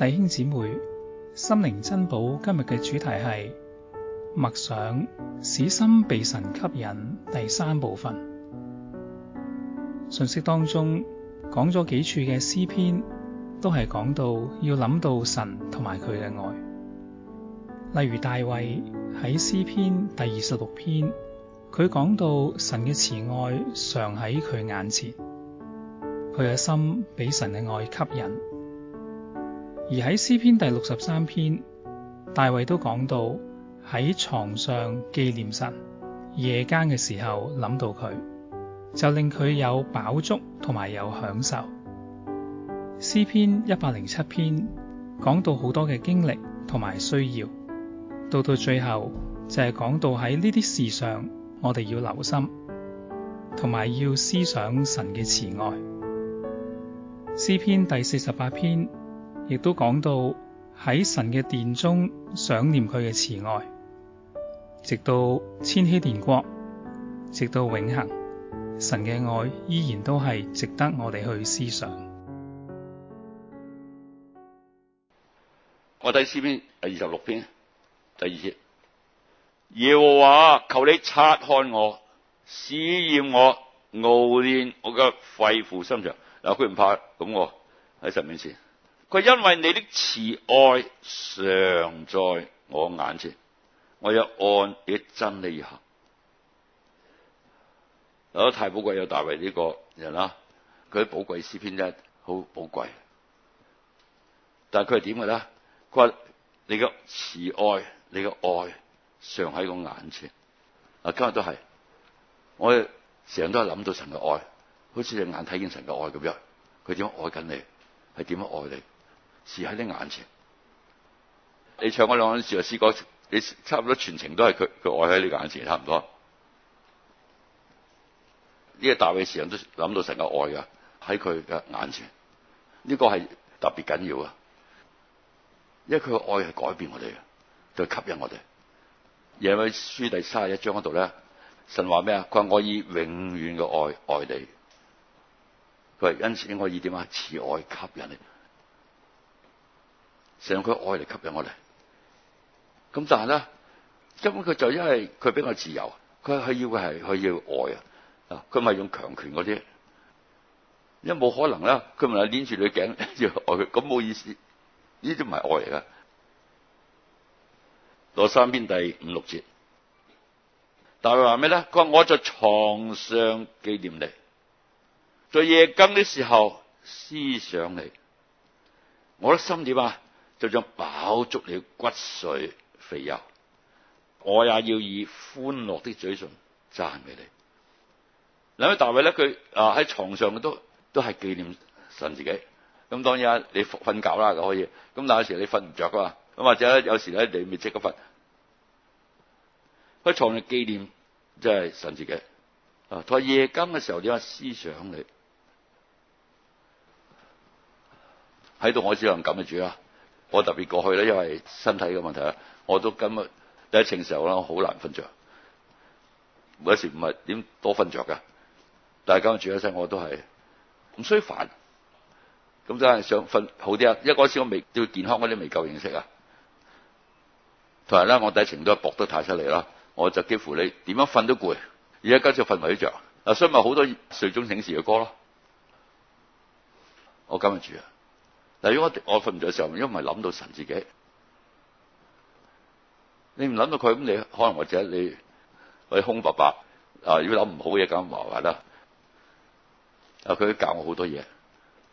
弟兄姊妹，心靈珍寶今日嘅主題係默想，使心被神吸引第三部分。信息當中講咗幾處嘅詩篇，都係講到要諗到神同埋佢嘅愛。例如大衛喺詩篇第二十六篇，佢講到神嘅慈愛常喺佢眼前，佢嘅心俾神嘅愛吸引。而喺詩篇第六十三篇，大衛都講到喺床上紀念神，夜間嘅時候諗到佢，就令佢有飽足同埋有享受。詩篇一百零七篇講到好多嘅經歷同埋需要，到到最後就係講到喺呢啲事上，我哋要留心，同埋要思想神嘅慈愛。詩篇第四十八篇，亦都講到喺神嘅殿中想念佢嘅慈愛，直到千禧年國，直到永恒，神嘅愛依然都係值得我哋去思想。我睇詩篇第二十六篇第二節，耶和華求你察看我，試驗我，熬煉我嘅肺腑心腸。嗱，佢唔怕咁喎喺神面前。佢因為你的慈愛常在我眼前，我要按你真理行。啊，太寶貴，又大衛呢個人啦，佢啲寶貴詩篇真係好寶貴，但係佢係點嘅咧？佢話你嘅慈愛，你嘅愛常喺我眼前。啊，今日都係，我成日都係諗到神嘅愛，好似你眼睇見神嘅愛咁樣。佢點樣愛緊你？係點樣愛你？是怎樣愛你視喺你眼前，你唱嗰兩陣時啊，詩歌你差唔多全程都係佢，佢愛喺你眼前，差唔多呢個大嘅時候都諗到神嘅愛噶，喺佢嘅眼前，呢個係特別緊要啊，因為佢嘅愛係改變我哋嘅，就吸引我哋。耶利米書第三十一章嗰度咧，神話咩啊？佢話我以永遠嘅愛愛你，佢話因此我以點啊慈愛吸引你。成佢愛嚟,吸引我哋，咁但係啦，根本佢就因為佢俾我自由，佢要嘅係佢要愛啊，啊，佢唔係用強權嗰啲，因為冇可能啦，佢咪係捏住你頸要愛佢，咁冇意思，呢啲唔係愛嚟噶。六三篇第五六節，但係話咩咧？佢話我在床上紀念你，在夜更嘅時候思想你，我心點啊？就像飽足了骨髓肥油，我也要以歡樂的嘴唇讚美你。兩位大衛咧，佢啊喺床上都都係紀念神自己。咁當然呀，你瞓覺啦就可以。咁但係有時你瞓唔着噶嘛，咁或者有時咧你咪即刻瞓，喺床上紀念即係神自己。啊，佢話夜更嘅時候點話思想你，喺度我只能咁嘅主啊！我特別過去咧，因為身體嘅問題啊，我都今日第一程時候啦，好難瞓著。一時唔係點多瞓著㗎。但係今日住一身我都係唔衰煩，咁真係想瞓好啲啊！一開始我未對健康嗰啲未夠認識啊，同埋咧我第一程都搏得太犀利啦，我就幾乎你點樣瞓都攰，而家今朝瞓唔起着。啊！所以咪好多睡中醒時嘅歌咯，我今日住啊。嗱，如果我瞓唔着嘅時候，因為唔係諗到神自己，你唔諗到佢咁，你可能或者你係空白白啊！如果諗唔好嘢，咁麻麻啦。啊，佢、啊、教我好多嘢，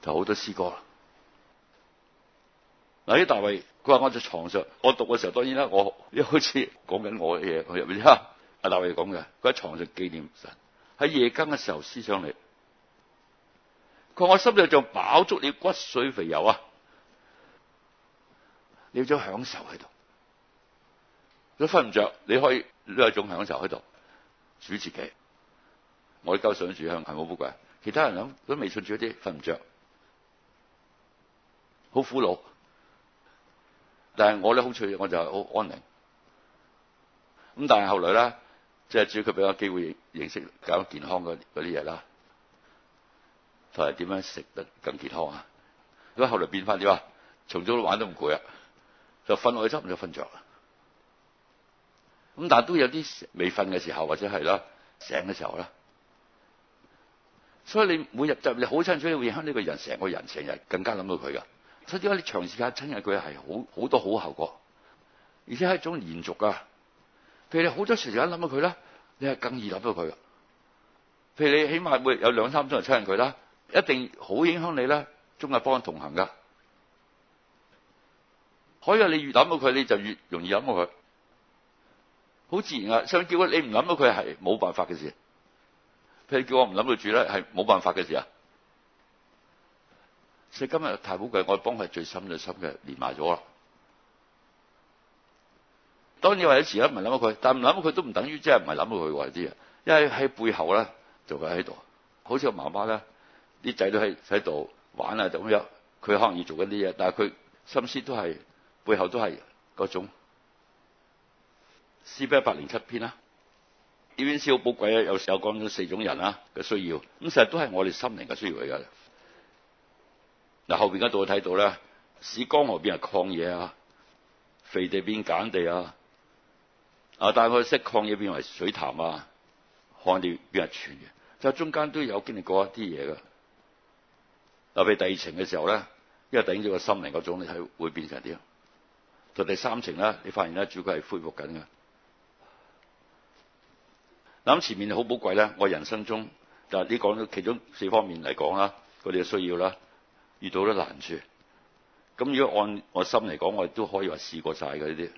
就好多詩歌。嗱、啊，啲大衛佢話：他我喺床上，我讀嘅時候，當然啦，我一開始講緊我嘅嘢，佢入邊嚇。阿大衛講嘅，佢喺床上紀念神，喺夜更嘅時候思想你。佢我心入仲就飽足你骨髓肥油啊！你有種享受喺度，都瞓唔着。你可以呢一種享受喺度，煮自己。我依家煮咗煮向係咪好古怪，其他人諗都未數住啲，瞓唔着，好苦惱。但係我咧好脆弱，我就係好安寧。咁但係後來咧，即、就、係、是、主要佢俾我機會認識搞健康嗰啲嘢啦。佢係點樣食得更健康啊？如果後嚟變翻點啊？從早都玩都唔攰啦，就瞓落去執就瞓着啦。咁但係都有啲未瞓嘅時候，或者係啦，醒嘅時候啦。所以你每日就是、你好親親，你會影響呢個人成個人成日更加諗到佢噶。所以點解你長時間親下佢係好好多好後果，而且係一種連續噶。譬如你好多時間諗到佢啦，你係更易諗到佢噶。譬如你起碼會有兩三鐘頭親下佢啦。一定好影響你啦，仲係幫同行噶，可以、啊、你越諗到佢，你就越容易諗到佢，好自然啊！想叫我你唔諗到佢係冇辦法嘅事，譬如叫我唔諗到住咧，係冇辦法嘅事啊！所以今日太好嘅，我幫佢最深最深嘅連埋咗啦。當然話有時咧唔諗到佢，但唔諗到佢都唔等於即係唔係諗到佢啲啊，因為喺背後咧就緊喺度，好似我媽媽咧。啲仔都喺喺度玩呀，就咁樣。佢可能要做緊啲嘢，但係佢心思都係背後都係嗰種、C。詩篇一百零七篇啦，啲經書好寶貴呀，有時候有講咗四種人呀嘅需要，咁實在都係我哋心靈嘅需要嚟㗎。嗱，後面嗰度睇到呢，使江河變係曠野呀，肥地變鹼地呀，但係佢識曠野變為水潭呀，旱地變係泉嘅，就中間都有經歷過一啲嘢㗎。特別第二程嘅時候咧，因為頂住個心靈嗰種咧係會變成點？到第三程咧，你發現咧主佢係恢復緊嘅。嗱，前面好寶貴咧，我人生中，但係你講到其中四方面嚟講啦，我哋嘅需要啦，遇到啲難處。咁如果按我心嚟講，我亦都可以話試過晒嘅呢啲。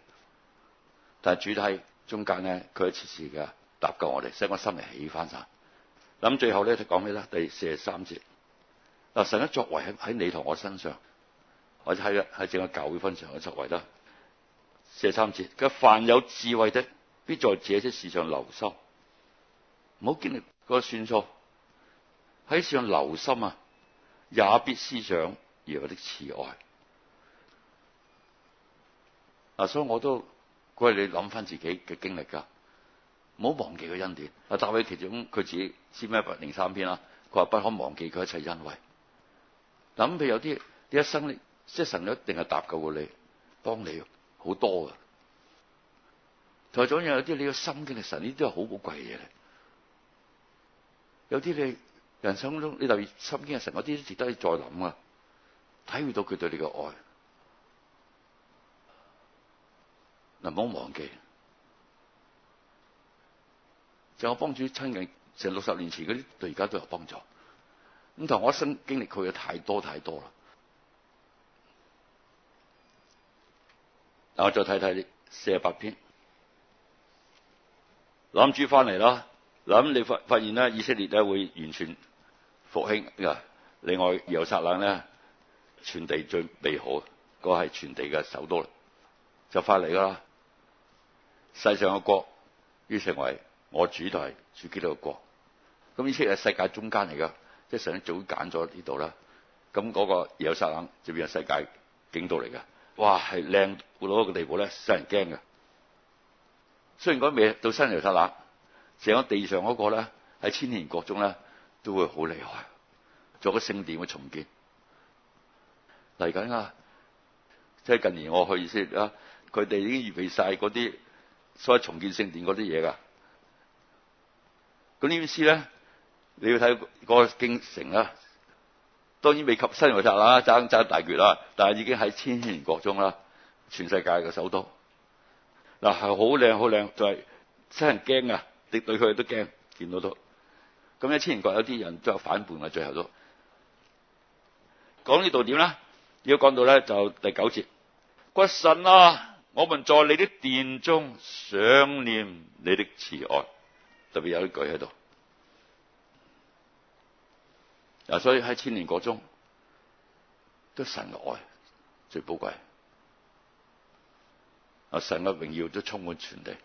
但係主題中間咧，佢一次次嘅搭救我哋，使我心嚟起翻晒。咁最後咧就講起啦第四十三節。神一作為喺喺你同我身上，或者喺喺整個教會分上嘅作為啦，四十三節佢凡有智慧的，必在這些事上留心，唔好經歷個算數喺事上留心啊，也必思想而有的慈愛。嗱，所以我都佢係你諗翻自己嘅經歷㗎，唔好忘記個恩典。大衛其中佢自己詩一百零三篇啦，佢話不可忘記佢一切恩惠。諗，佢有啲，你一生即係神，一定係搭救過你，幫你好多噶。同埋有啲，你要心嘅神，呢啲係好寶貴嘅。有啲你人生當中，你留意心嘅神，嗰啲值得你再諗啊！體會到佢對你嘅愛，嗱唔好忘記，就我幫主親人，成六十年前嗰啲，對而家都有幫助。咁同我一生經歷，佢嘅太多太多啦。我再睇睇四十八篇，諗住翻嚟啦。諗你發發現啦，以色列咧會完全復興㗎。另外，耶路撒冷咧全地最美好，個係全地嘅首都啦，就返嚟噶啦。世上嘅國，於成為我主台主基督嘅國。咁以色列係世界中間嚟噶。即係神早揀咗呢度啦，咁嗰個耶路撒冷就變咗世界景道嚟嘅，哇係靚到一個地步咧，使人驚嘅。雖然講未到新耶路撒冷，成個地上嗰個咧喺千年國中咧都會好厲害，做個聖殿嘅重建嚟緊啊！即係近年我去先啦，佢哋已經預備晒嗰啲所謂重建聖殿嗰啲嘢㗎。咁呢件事咧？你要睇個個京城啦，當然未及新皇宅啦，爭爭大決啦，但係已經喺千年前國中啦，全世界嘅首都，嗱係好靚好靚，就係真係驚啊！你對佢都驚，見到都。咁喺千年國有啲人都有反叛嘅，最後都。講呢度點啦？要講到咧就第九節，骨神啊，我們在你的殿中想念你的慈愛，特別有一句喺度。啊，所以喺千年國中，都神的愛最寶貴，啊神嘅榮耀都充滿全地。